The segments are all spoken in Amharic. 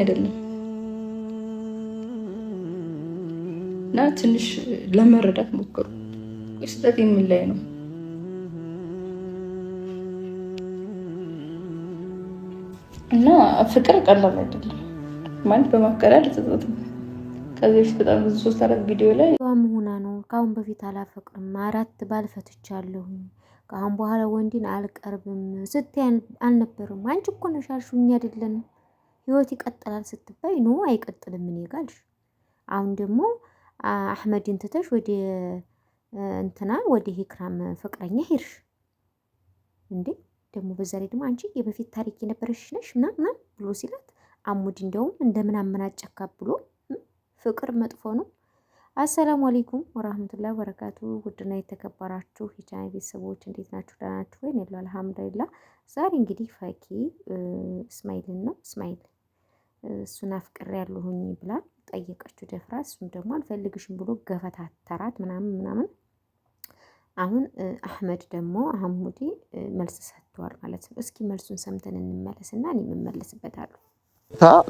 አይደለም እና ትንሽ ለመረዳት ሞክሩ። ስህተት የምን ላይ ነው? እና ፍቅር ቀላል አይደለም ማለት በማቀላል ተጠጥ ከዚህ በፊት በጣም ብዙ ሶስት አራት ቪዲዮ ላይ መሆና ነው። ከአሁን በፊት አላፈቅርም፣ አራት ባል ፈትቻለሁኝ፣ ከአሁን በኋላ ወንድን አልቀርብም ስትይ አልነበርም። አንቺ እኮ ነሽ አልሽኝ አይደለንም ህይወት ይቀጥላል ስትባይ ኖ አይቀጥልም። እኔ ጋር አልሽ። አሁን ደግሞ አህመድን ትተሽ ወደ እንትና ወደ ሂክራም ፍቅረኛ ሄድሽ እንዴ? ደግሞ በዛ ላይ ደግሞ አንቺ የበፊት ታሪክ የነበረሽ ነሽ ምናምን ምናምን ብሎ ሲላት አሙድ እንደውም እንደምን አመናጨካ ብሎ ፍቅር መጥፎ ነው። አሰላሙ አሌይኩም ወራህመቱላሂ ወበረካቱ። ውድና የተከበራችሁ የቻናል ቤተሰቦች እንዴት ናችሁ? ደህና ናችሁ ወይ? አልሐምዱሊላህ። ዛሬ እንግዲህ ፈኪ እስማኤልን ነው እስማኤል እሱን ያለሁኝ ብላል ጠየቀችው ደፍራ። እሱም ደግሞ አልፈልግሽም ብሎ ገፈታተራት ምናምን ምናምን። አሁን አህመድ ደግሞ አህሙዲ መልስ ሰጥተዋል ማለት ነው። እስኪ መልሱን ሰምተን እንመለስና እኔ የምመለስበታለሁ።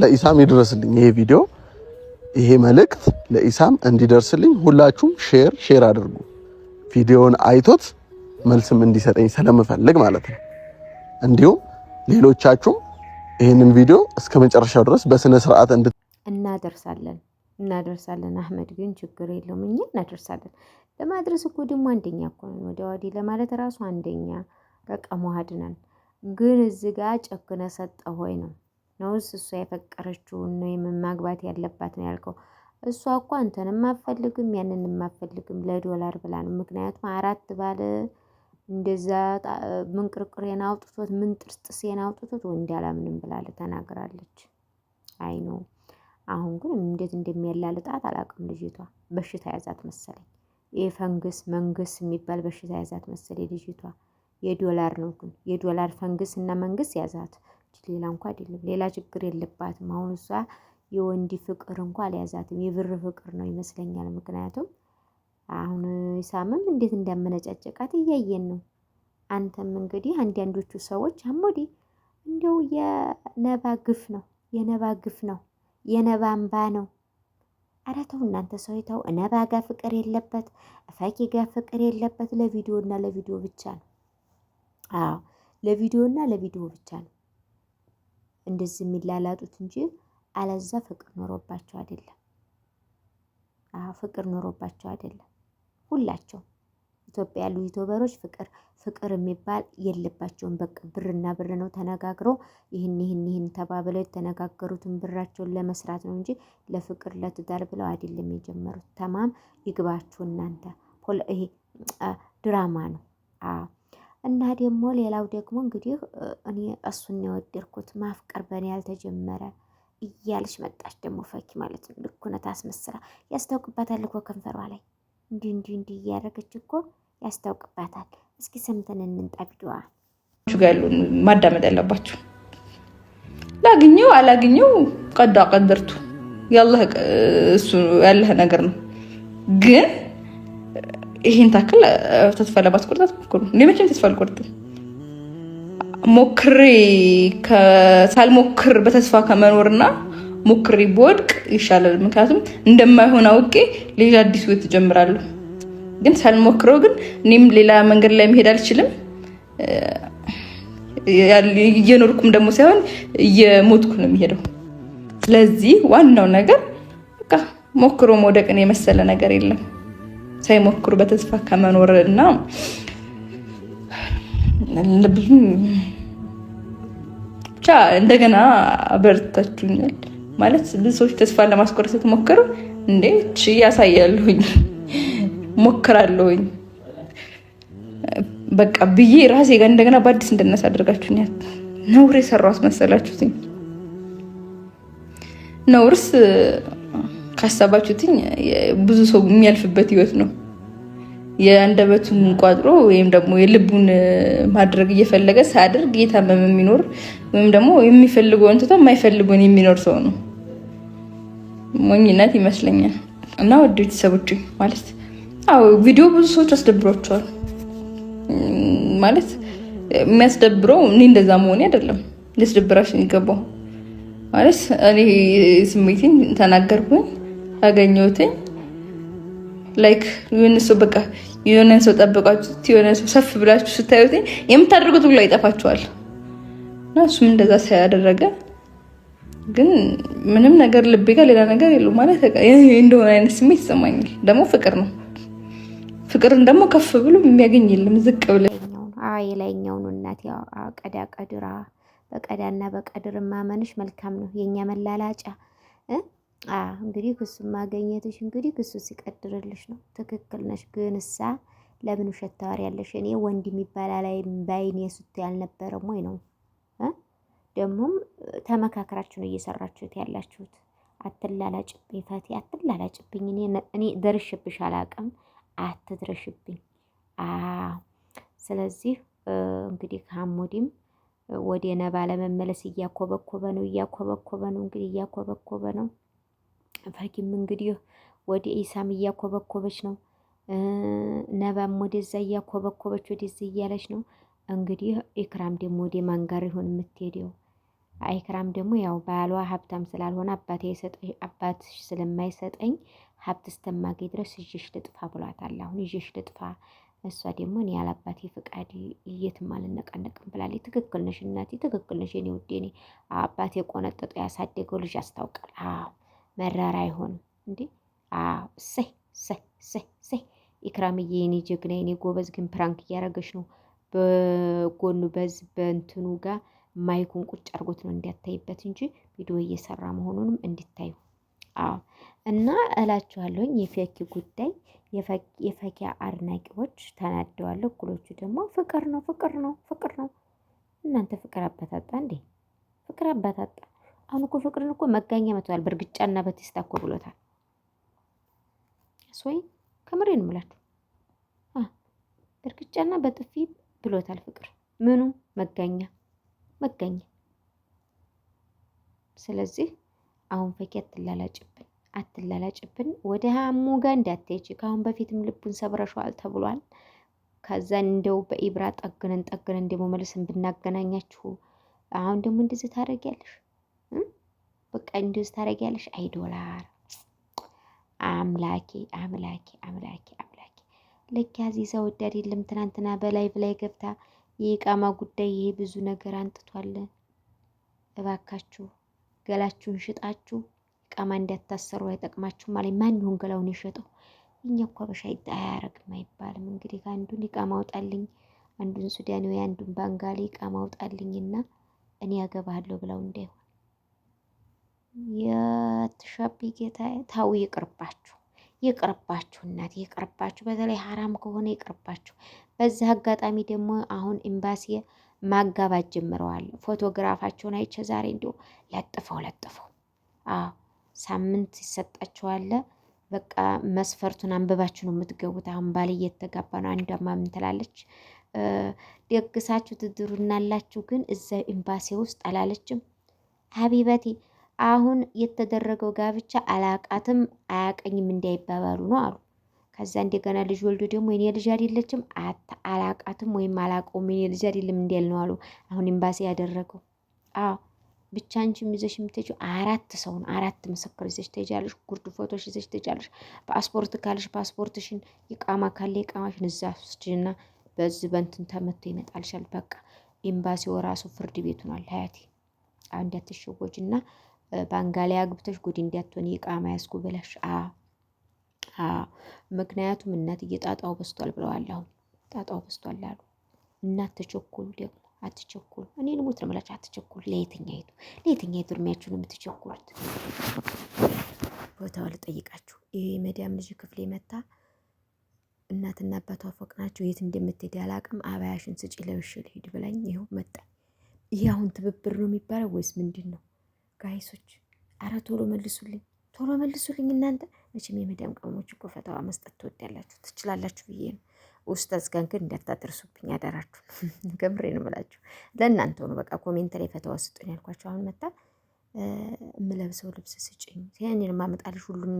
ለኢሳም ይድረስልኝ ይሄ ቪዲዮ ይሄ መልእክት ለኢሳም እንዲደርስልኝ ሁላችሁም ሼር ሼር አድርጉ። ቪዲዮውን አይቶት መልስም እንዲሰጠኝ ስለምፈልግ ማለት ነው። እንዲሁም ሌሎቻችሁም ይህንን ቪዲዮ እስከ መጨረሻው ድረስ በስነ ስርዓት እንድ እናደርሳለን እናደርሳለን። አህመድ ግን ችግር የለውም እኛ እናደርሳለን። ለማድረስ እኮ ደግሞ አንደኛ እኮ ነን። ወደ ዋዲ ለማለት ራሱ አንደኛ በቃ መሀድ ነን። ግን እዚህ ጋ ጨክነ ሰጠ ሆይ ነው ነውስ እሷ የፈቀረችውን ነው የምማግባት ያለባት ነው ያልከው። እሷ እኮ አንተንም አፈልግም ያንን አፈልግም ለዶላር ብላ ነው። ምክንያቱም አራት ባለ እንደዛ ምንቅርቅሬን አውጥቶት ምን አውጥቶት ወንድ አላምንም ብላ ተናግራለች። አይ ነው አሁን ግን እንዴት እንደሚያላልጣት አላውቅም። ልጅቷ በሽታ ያዛት መሰለኝ። ይሄ ፈንግስ መንግስ የሚባል በሽታ ያዛት መሰለኝ ልጅቷ። የዶላር ነው ግን የዶላር ፈንግስ እና መንግስ ያዛት። ሌላ እንኳ አይደለም። ሌላ ችግር የለባትም። አሁን እሷ የወንድ ፍቅር እንኳ አልያዛትም። የብር ፍቅር ነው ይመስለኛል ምክንያቱም አሁን ኢሳምም እንዴት እንዳመነጫጨቃት እያየን ነው። አንተም እንግዲህ አንዳንዶቹ ሰዎች አሞዲ እንደው የነባ ግፍ ነው፣ የነባ ግፍ ነው፣ የነባ እንባ ነው። ኧረ ተው እናንተ ሰውየው እነባ ጋር ፍቅር የለበት፣ እፋቂ ጋር ፍቅር የለበት። ለቪዲዮ እና ለቪዲዮ ብቻ ነው። አዎ ለቪዲዮ እና ለቪዲዮ ብቻ ነው እንደዚህ የሚላላጡት እንጂ አለዛ ፍቅር ኖሮባቸው አይደለም። አዎ ፍቅር ኖሮባቸው አይደለም። ሁላቸው ኢትዮጵያ ያሉ ዩቱበሮች ፍቅር ፍቅር የሚባል የለባቸውም። በቃ ብርና ብር ነው። ተነጋግሮ ይህን ይህን ይህን ተባብለው የተነጋገሩትን ብራቸውን ለመስራት ነው እንጂ ለፍቅር ለትዳር ብለው አይደለም የጀመሩት። ተማም ይግባችሁ እናንተ። ይሄ ድራማ ነው። እና ደግሞ ሌላው ደግሞ እንግዲህ እኔ እሱን የወደድኩት ማፍቀር በእኔ ያልተጀመረ እያለች መጣች ደግሞ ፈኪ ማለት ነው። ልኩነት አስመስላ ያስታውቅባታል እኮ ከንፈሯ ላይ እንዲ እንዲ እንዲ እያደረገች እኮ ያስታውቅባታል። እስኪ ሰምተን እንንጣብደዋ ያሉን ማዳመጥ ያለባችሁ ላግኘው አላግኘው ቀዳ ቀደርቱ እሱ ያለህ ነገር ነው። ግን ይህን ታክል ተስፋ ለማስቆርጥ አትሞክሩ። መቼም ተስፋ አልቆርጥም። ሞክሬ ሳልሞክር በተስፋ ከመኖርና ሞክሬ በወድቅ ይሻላል። ምክንያቱም እንደማይሆን አውቄ ሌላ አዲስ ህይወት እጀምራለሁ። ግን ሳልሞክረው ግን እኔም ሌላ መንገድ ላይ መሄድ አልችልም። እየኖርኩም ደግሞ ሳይሆን እየሞትኩ ነው የሚሄደው። ስለዚህ ዋናው ነገር በቃ ሞክሮ መውደቅን የመሰለ ነገር የለም። ሳይሞክሩ በተስፋ ከመኖር እና ብዙ ብቻ እንደገና አበርታችሁኛል። ማለት ብዙ ሰዎች ተስፋ ለማስቆረጥ ስትሞክሩ እንዴ ቺ ያሳያለሁኝ ሞክራለሁኝ በቃ ብዬ ራሴ ጋር እንደገና በአዲስ እንድነስ አድርጋችሁ ነውር የሰራው አስመሰላችሁትኝ። ነውርስ ካሰባችሁትኝ ብዙ ሰው የሚያልፍበት ህይወት ነው። የአንደበቱን ቋጥሮ ወይም ደግሞ የልቡን ማድረግ እየፈለገ ሳያደርግ እየታመመ የሚኖር ወይም ደግሞ የሚፈልገውን ትቶ የማይፈልገውን የሚኖር ሰው ነው። ሞኝነት ይመስለኛል። እና ወደ ቤተሰቦች ማለት አዎ፣ ቪዲዮ ብዙ ሰዎች አስደብሯቸዋል ማለት የሚያስደብረው እኔ እንደዛ መሆኔ አይደለም። ሊያስደብራሽ የሚገባው ማለት እኔ ስሜቴን ተናገርኩኝ አገኘሁትኝ ላይክ የሆነ ሰው በቃ የሆነ ሰው ጠበቃችሁት የሆነ ሰው ሰፍ ብላችሁ ስታዩት የምታደርጉት ብሎ ይጠፋችኋል። እና እሱም እንደዛ ሳያደረገ ግን ምንም ነገር ልቤ ጋር ሌላ ነገር የለው ማለት እንደሆነ አይነት ስሜት ይሰማኛል። ደግሞ ፍቅር ነው። ፍቅርን ደግሞ ከፍ ብሎ የሚያገኝ የለም። ዝቅ ብለ የላይኛውን እናት ቀዳ ቀድራ በቀዳና በቀድር ማመንሽ መልካም ነው። የእኛ መላላጫ እንግዲህ ክሱን ማገኘትሽ እንግዲህ ክሱ ሲቀድርልሽ ነው። ትክክል ነሽ። ግን እሳ ለምን ውሸት ታወሪያለሽ? እኔ ወንድ የሚባል ላይ ባይኔ ሱት ያልነበረም ወይ ነው ደግሞም ተመካከራችሁ ነው እየሰራችሁት ያላችሁት። አትላላጭብኝ ፈቴ፣ አትላላጭብኝ። እኔ ደርሽብሽ አላቅም፣ አትድረሽብኝ። ስለዚህ እንግዲህ ሀሙዲም ወደ ነባ ለመመለስ እያኮበኮበ ነው እያኮበኮበ ነው እንግዲህ እያኮበኮበ ነው። ፈኪም እንግዲህ ወደ ኢሳም እያኮበኮበች ነው። ነባም ወደዛ እያኮበኮበች ወደዚህ እያለች ነው። እንግዲህ ኢክራም ደግሞ ወደ ማን ጋር ይሆን የምትሄደው? አይክራም ደግሞ ያው ባሏ ሀብታም ስላልሆነ አባቴ አባትሽ ስለማይሰጠኝ ሀብት እስተማገኝ ድረስ እዥሽ ልጥፋ ብሏታል። አሁን እዥሽ ልጥፋ። እሷ ደግሞ እኔ ያለ ፍቃድ የትም አልነቃነቅም ብላለች። ትክክል ነሽ እናቴ፣ ትክክል ነሽ የኔ ውዴ። እኔ አባቴ ቆነጠጦ ያሳደገው ልጅ አስታውቃል። አዎ መራራ አይሆንም እንዴ? አዎ እሰይ እሰይ እሰይ እሰይ። ኢክራምዬ የኔ ጀግና የኔ ጎበዝ፣ ግን ፕራንክ እያደረገች ነው በጎኑ በዝ በእንትኑ ጋር ማይኩን ቁጭ አድርጎት ነው እንዲያታይበት እንጂ ቪዲዮ እየሰራ መሆኑንም እንዲታዩ። አዎ እና እላችኋለሁኝ የፈኪ ጉዳይ የፈኪያ አድናቂዎች ተናደዋል። እኩሎቹ ደግሞ ፍቅር ነው ፍቅር ነው ፍቅር ነው። እናንተ ፍቅር አበታጣ እንዴ? ፍቅር አበታጣ። አሁን እኮ ፍቅርን እኮ መጋኛ መተዋል። በእርግጫና በቴስታ እኮ ብሎታል። ስወይ ከምሬን ምላችሁ እርግጫና በጥፊ ብሎታል። ፍቅር ምኑ መጋኛ መገኘት። ስለዚህ አሁን ፈኪ አትላላጭብን አትላላጭብን። ወደ ሀሙ ጋር እንዳትሄጂ። ከአሁን በፊትም ልቡን ሰብረሸዋል ተብሏል። ከዛ እንደው በኢብራ ጠግነን ጠግነን ደግሞ መልስን ብናገናኛችሁ አሁን ደግሞ እንደዚህ ታደርጊያለሽ። በቃ እንደዚህ ታደርጊያለሽ። አይ ዶላር አምላኬ አምላኬ አምላኬ አምላኬ ለኪ አዚዛ ወዳድ የለም ትናንትና በላይቭ ላይ ገብታ የኢቃማ ጉዳይ ይሄ ብዙ ነገር አንጥቷል። እባካችሁ ገላችሁን ሽጣችሁ ኢቃማ እንዲያታሰሩ አይጠቅማችሁ ማለት ማን ይሁን ገላውን የሸጠው? እኛ እኮ አበሻ አያረግም አይባልም። እንግዲህ አንዱን ኢቃማ አውጣልኝ፣ አንዱን ሱዳናዊ፣ አንዱን ባንጋሊ ኢቃማ እና እኔ ያገባሃለሁ ብለው እንዳይሆን የትሻቢ ጌታ ታው ይቅርባችሁ፣ ይቅርባችሁ፣ እናት ይቅርባችሁ። በተለይ ሀራም ከሆነ ይቅርባችሁ። በዚህ አጋጣሚ ደግሞ አሁን ኤምባሲ ማጋባት ጀምረዋል። ፎቶግራፋቸውን አይቼ ዛሬ እንዲሁ ለጥፈው ለጥፈው አዎ ሳምንት ይሰጣችኋል። በቃ መስፈርቱን አንብባችሁ ነው የምትገቡት። አሁን ባል እየተጋባ ነው አንዷ ምናምን ትላለች። ደግሳችሁ ትድሩናላችሁ፣ ግን እዛ ኤምባሲ ውስጥ አላለችም ሀቢበቴ። አሁን የተደረገው ጋብቻ አላቃትም አያቀኝም እንዳይባባሉ ነው አሉ። ከዛ እንደገና ልጅ ወልዶ ደግሞ የኔ ልጅ አይደለችም አላቃትም ወይም አላቀውም የኔ ልጅ አይደለም እንዲያል ነው አሉ። አሁን ኤምባሲ ያደረገው አዎ ብቻ አንቺም ይዘሽ የምትሄጂው አራት ሰው ነው። አራት ምስክር ይዘሽ ትሄጃለሽ። ጉርድ ፎቶሽ ይዘሽ ትሄጃለሽ። ፓስፖርት ካለሽ ፓስፖርትሽን፣ ይቃማ ካለ ይቃማሽን እዛ ስጅና በዚህ በንትን ተመቶ ይመጣልሻል። በቃ ኤምባሲው ራሱ ፍርድ ቤቱ ነው አያቴ እንዳትሸወጅ እና ባንጋሊያ አግብተሽ ጉድ እንዲያትሆን ይቃማ ያስጉ ብለሽ በቃ ምክንያቱም እናትዬ ጣጣው በስቷል ብለዋል። አሁን ጣጣው በስቷል አሉ። እናት ተቸኩሉ ደግሞ አትቸኩሉ። እኔ ልሞት ነው የምላቸው። አትቸኩሉ። ለየትኛይቱ ለየትኛይቱ እድሜያችሁን የምትቸኩሉት? ቦታው ልጠይቃችሁ። ይህ የመዳም ልጅ ክፍሌ መታ እናትና አባቷ ፎቅ ናቸው። የት እንደምትሄድ አላቅም። አባያሽን ስጪ ለብሽ ልሂድ ብላኝ ይኸው መጣ። ይህ አሁን ትብብር ነው የሚባለው ወይስ ምንድን ነው? ጋይሶች፣ አረ ቶሎ መልሱልኝ፣ ቶሎ መልሱልኝ እናንተ መቼም የመዳም ቅመሞች እኮ ፈተዋ መስጠት ትወዳላችሁ ትችላላችሁ ብዬ ነው። ኡስታዝ ጋር ግን እንዳታደርሱብኝ አደራችሁ። ገምሬ ነው የምላችሁ። ለእናንተ ነው በቃ ኮሜንት ላይ ፈተዋ ስጡን ያልኳቸው። አሁን መጣ የምለብሰው ልብስ ስጭኝ፣ ያንን ማመጣልሽ ሁሉም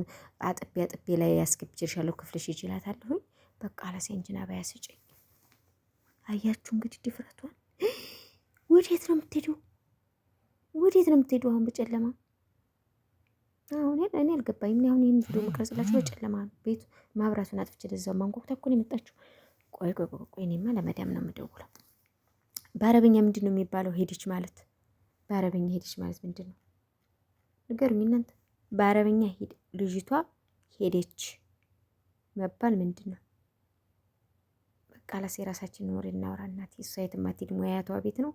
አጥቤ አጥቤ ላይ ያስገብጀሻለሁ፣ ክፍልሽ ይችላታለሁኝ በቃ ላሴንጅና ባያ ስጭኝ። አያችሁ እንግዲህ ድፍረቷን። ወዴት ነው የምትሄዱ? ወዴት ነው የምትሄዱ አሁን በጨለማ አሁን እኔ አልገባኝም። አሁን ይህን ቪዲዮ መቅረጽላችሁ በጨለማ ነው፣ ቤቱ ማብራቱን አጥፍቼ ደዛው ማንኳኩታ እኮ ነው የመጣችሁ። ቆይ ቆይ ቆይ፣ እኔማ ለመዳም ነው የምደውለው። በአረበኛ ምንድን ነው የሚባለው? ሄደች ማለት በአረብኛ ሄደች ማለት ምንድን ነው? ንገሩኝ እናንተ። በአረበኛ ሄድ ልጅቷ ሄደች መባል ምንድን ነው? በቃ ላሴ የራሳችንን ወሬ እናውራ እናቴ። እሷ የትም አትሄድ፣ ሙያቷ ቤት ነው።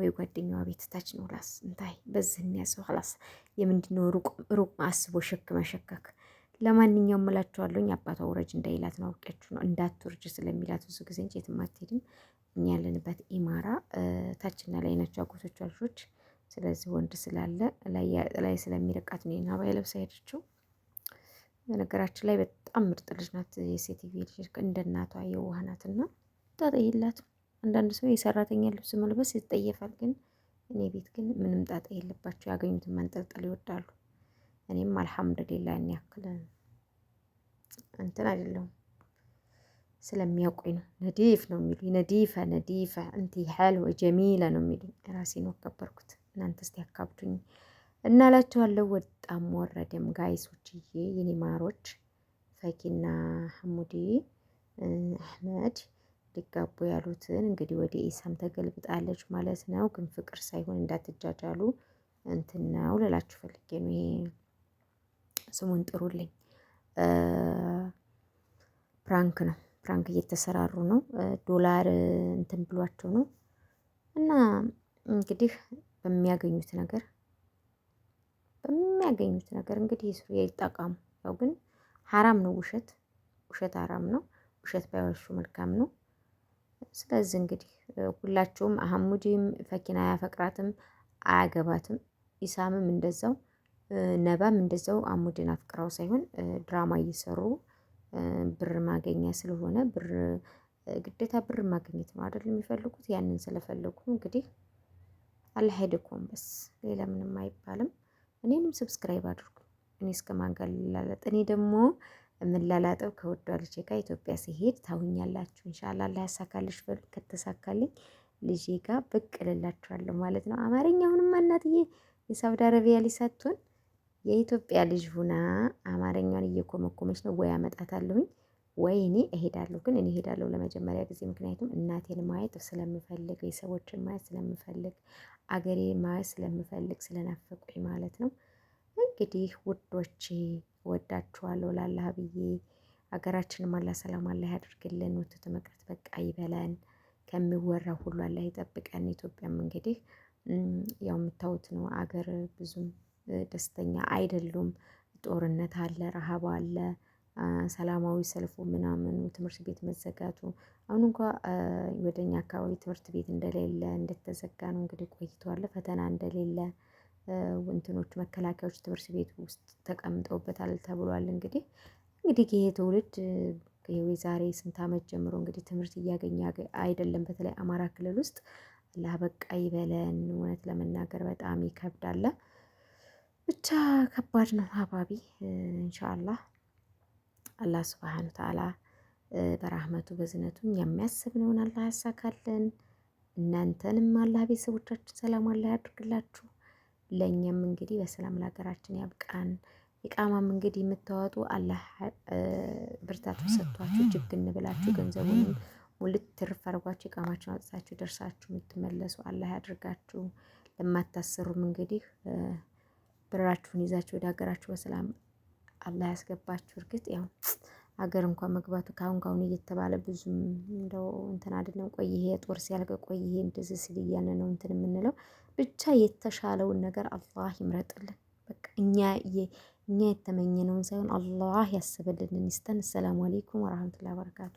ወይ ጓደኛዋ ቤት ታች ነው ላስ እንታይ በዝህን ያሰው ላስ የምንድነው ሩቅ አስቦ ሸክ መሸከክ። ለማንኛውም እላችኋለሁኝ አባቷ ውረጅ እንዳይላት ነው አውቂያችሁ ነው እንዳትወርጅ ስለሚላት ብዙ ጊዜ እንጂ የትም አትሄድም። እኛ ያለንበት ኢማራ ታችና ላይ ናቸው አጎቶቿ ልጆች። ስለዚህ ወንድ ስላለ ላይ ስለሚርቃት ነው ና ባይ ለብሳ ሄደችው። በነገራችን ላይ በጣም ምርጥ ልጅ ናት። የሴትዮ ልጅ እንደ እናቷ የዋህ ናትና ታጠይላት አንዳንድ ሰው የሰራተኛ ልብስ መልበስ ይጠየፋል፣ ግን እኔ ቤት ግን ምንም ጣጣ የለባቸው። ያገኙትን መንጠልጠል ይወዳሉ። እኔም አልሐምዱሊላ እኔ ያክል እንትን አይደለሁም። ስለሚያውቁኝ ነው። ነዲፍ ነው የሚሉ ነዲፈ ነዲፈ እንቲ ሐልወ ጀሚለ ነው የሚሉኝ። ራሴን ወከበርኩት። እናንተ ስ ያካብቱኝ እና ወጣም ወረደም ጋይሶችዬ፣ የኔ ማሮች ፈኪና ሐሙዴ አህመድ ሊጋቡ ያሉትን እንግዲህ ወደ ኢሳም ተገልብጣለች ማለት ነው። ግን ፍቅር ሳይሆን እንዳትጃጃሉ እንትን ነው ልላችሁ ፈልጌ ነው። ይሄ ስሙን ጥሩልኝ ፕራንክ ነው። ፕራንክ እየተሰራሩ ነው። ዶላር እንትን ብሏቸው ነው። እና እንግዲህ በሚያገኙት ነገር በሚያገኙት ነገር እንግዲህ ይጠቀሙ። ያው ግን ሀራም ነው ውሸት ውሸት ሀራም ነው። ውሸት ባይዋሹ መልካም ነው። ስለዚህ እንግዲህ ሁላችሁም አህሙዲም ፈኪና አያፈቅራትም አያገባትም። ኢሳምም እንደዛው ነባም እንደዛው አሙዲን አፍቅራው ሳይሆን ድራማ እየሰሩ ብር ማገኛ ስለሆነ ብር ግዴታ ብር ማግኘት ነው አይደል የሚፈልጉት። ያንን ስለፈለጉ እንግዲህ አልሄድኩም በስ ሌላ ምንም አይባልም። እኔንም ሰብስክራይብ አድርጉ። እኔ እስከ ማንጋል ልላለጥ እኔ ደግሞ የምንላላጠው ከወዷ ልጄ ጋር ኢትዮጵያ ሲሄድ ታውኛላችሁ። እንሻላ አላህ ያሳካልሽ በሉ። ከተሳካልኝ ልጄ ጋር ብቅ ማለት ነው። አማርኛ አሁንም እናትዬ የሳውዲ አረቢያ ሊሰጡን የኢትዮጵያ ልጅ ሁና አማርኛውን እየኮመኮመች ነው። ወይ አመጣታለሁኝ ወይ እኔ እሄዳለሁ። ግን እኔ እሄዳለሁ ለመጀመሪያ ጊዜ ምክንያቱም እናቴን ማየት ስለምፈልግ፣ የሰዎችን ማየት ስለምፈልግ፣ አገሬ ማየት ስለምፈልግ ስለናፈቁኝ ማለት ነው። እንግዲህ ውዶቼ ወዳችኋለሁ። ላላህ ብዬ ሀገራችን ማላ ሰላም አላህ ያድርግልን ወተት መቅረት በቃ ይበለን ከሚወራው ሁሉ አላህ ይጠብቀን። ኢትዮጵያም እንግዲህ ያው የምታዩት ነው ሀገር ብዙም ደስተኛ አይደሉም። ጦርነት አለ ረሃብ አለ። ሰላማዊ ሰልፉ ምናምኑ ትምህርት ቤት መዘጋቱ አሁን እንኳ ወደኛ አካባቢ ትምህርት ቤት እንደሌለ እንደተዘጋ ነው እንግዲህ ቆይቷል ፈተና እንደሌለ እንትኖች መከላከያዎች ትምህርት ቤት ውስጥ ተቀምጠውበታል ተብሏል። እንግዲህ እንግዲህ ይሄ ትውልድ ዛሬ ስንት አመት ጀምሮ እንግዲህ ትምህርት እያገኘ አይደለም በተለይ አማራ ክልል ውስጥ አላህ በቃ ይበለን እውነት ለመናገር በጣም ይከብዳል። ብቻ ከባድ ነው አባቢ ኢንሻአላህ አላህ ሱብሃነ ወተዓላ በራህመቱ በዝነቱ እኛም አላህ ያሳካልን። እናንተንም አላህ ቤተሰቦቻችን ሰላም አላህ ያድርግላችሁ ለእኛም እንግዲህ በሰላም ለሀገራችን ያብቃን። ኢቃማም እንግዲህ የምታወጡ አላህ ብርታት ሰጥቷችሁ ጅግ እንብላችሁ ገንዘቡንም ሙልት ትርፍ አድርጓችሁ ኢቃማችሁን አውጥታችሁ ደርሳችሁ የምትመለሱ አላህ ያድርጋችሁ። ለማታሰሩም እንግዲህ ብራችሁን ይዛችሁ ወደ ሀገራችሁ በሰላም አላህ ያስገባችሁ። እርግጥ ያው ሀገር እንኳን መግባቱ ካሁን ካሁን እየተባለ ብዙም እንደው እንትን አይደለም። ቆይ ይሄ ጦር ሲያልቅ ቆይ ይሄ እንደዚህ ሲል እያለ ነው እንትን የምንለው ብቻ የተሻለውን ነገር አላህ ይምረጥልን። በቃ እኛ እኛ የተመኘነውን ሳይሆን አላህ ያስብልን ይስጠን። አሰላሙ አሌይኩም ወረህመቱላሂ ወበረካቱ።